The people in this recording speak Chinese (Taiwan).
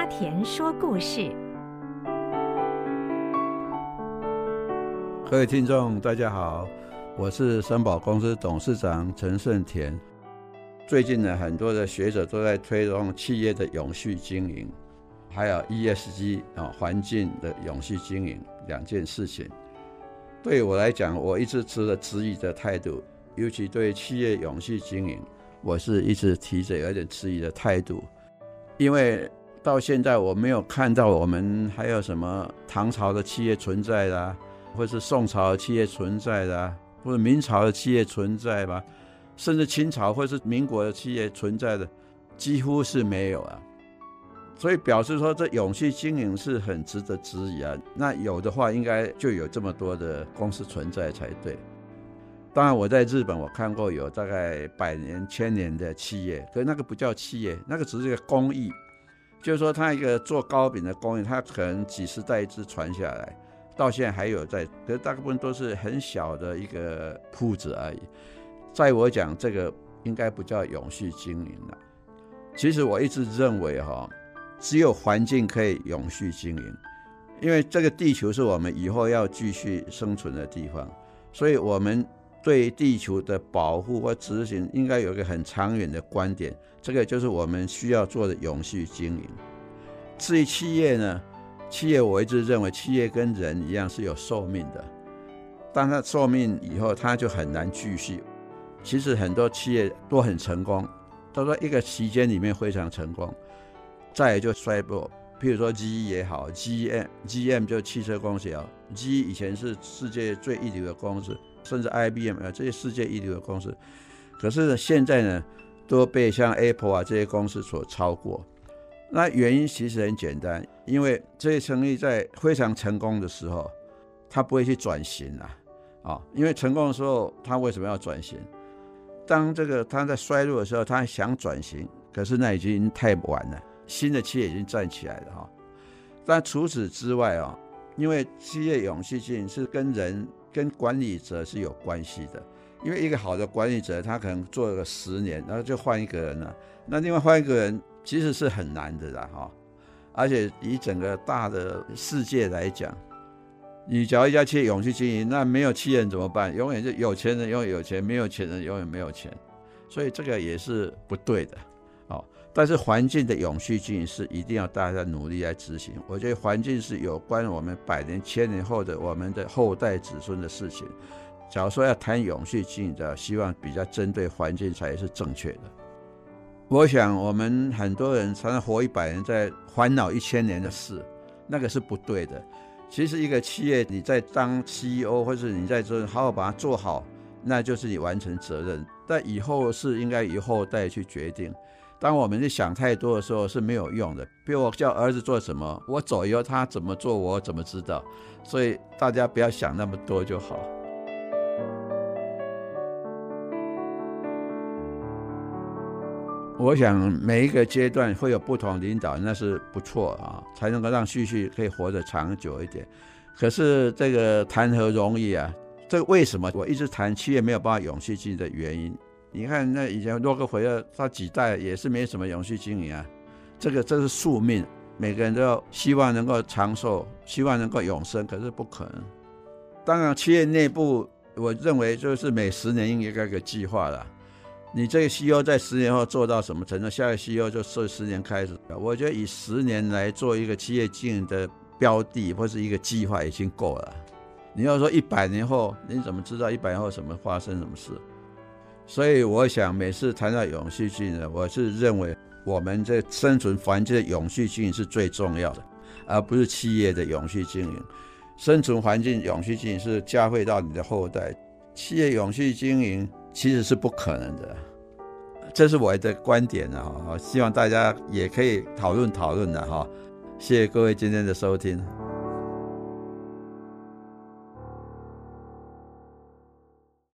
阿田說故事。各位聽眾，大家好，我是森寶公司董事長陳勝田。最近呢，很多的學者都在推動企業的永續經營，還有 ESG 啊，環境的永續經營兩件事情。對我來講，我一直持着質疑的態度，尤其對企業永續經營，我是一直提着有點質疑的態度，因為，到現在我沒有看到我們還有什麼唐朝的企業存在的啊，或是宋朝的企業存在的啊，或是明朝的企業存在吧啊，甚至清朝或是民國的企業存在的，幾乎是沒有啊。所以表示說這永續經營是很值得質疑啊。那有的話，應該就有這麼多的公司存在才對。當然我在日本我看過有大概百年千年的企業，可是那個不叫企業，那個只是一個工藝。就是說，他一個做糕餅的工藝，他可能幾十代一直傳下來，到現在還有在，可大部分都是很小的一個鋪子而已。在我講這個，應該不叫永續經營了。其實我一直認為哈、哦，只有環境可以永續經營，因為這個地球是我們以後要繼續生存的地方，所以我們對於地球的保護和執行，應該有一個很長遠的觀點。這個就是我們需要做的永續經營。至於企業呢，企業我一直認為，企業跟人一樣是有壽命的。當他壽命以後，他就很難繼續。其實很多企業都很成功，都在一個期間裡面非常成功，再也就衰落。譬如說 G E 也好，G M G M 就汽車公司也好，G E 以前是世界最一流的公司。甚至 IBM 啊，這些世界一流的公司，可是呢現在呢都被像 Apple 啊這些公司所超過。那原因其實很簡單，因為這些成立在非常成功的時候，他不會去轉型啊啊，因為成功的時候他為什麼要轉型？當這個他在衰弱的時候，他想轉型，可是那已經太晚了，新的企業已經站起來了哈。但除此之外啊，因為企業永續性是跟人，跟管理者是有關係的，因為一個好的管理者，他可能做了十年，然後就換一個人了。那另外換一個人，其實是很難的啦哈。而且以整個大的世界來講，你只要一家企業永續經營，那沒有企業怎麼辦？永遠是有錢人永遠有錢，沒有錢人永遠沒有錢，所以這個也是不對的哦。但是環境的永續經營是一定要大家努力來執行。我覺得環境是有關我們百年、千年後的我們的後代子孫的事情。假如說要談永續經營的，希望比較針對環境才是正確的。我想我們很多人常常活一百年，在煩惱一千年的事，那個是不對的。其實一個企業，你在當 CEO，或是你在做，好好把它做好，那就是你完成責任。但以後是應該以後再去決定。當我們去想太多的時候是沒有用的。比如我叫兒子做什麼，我左右他怎麼做，我怎麼知道？所以大家不要想那麼多就好。我想每一個階段會有不同領導，那是不錯啊，才能夠讓旭旭可以活得長久一點。可是這個談何容易啊？這為什麼我一直談企業沒有辦法永續經營的原因？你看，那以前洛克菲勒他幾代也是沒什麼永續經營啊，這個這是宿命。每個人都要希望能夠長壽，希望能夠永生，可是不可能。當然，企業內部我認為就是每十年應該有個計劃了。你這個 CEO 在十年後做到什麼程度？下個 CEO 就是十年開始。我覺得以十年來做一個企業經營的標的或是一個計劃已經夠了。你要說一百年後，你怎麼知道一百年後什麼發生什麼事？所以，我想每次談到永續經營，我是認為我們這生存環境的永續經營是最重要的，而不是企業的永續經營。生存環境永續經營是嘉惠到你的後代，企業永續經營其實是不可能的。這是我的觀點了哈，希望大家也可以討論討論的哈。謝謝各位今天的收聽。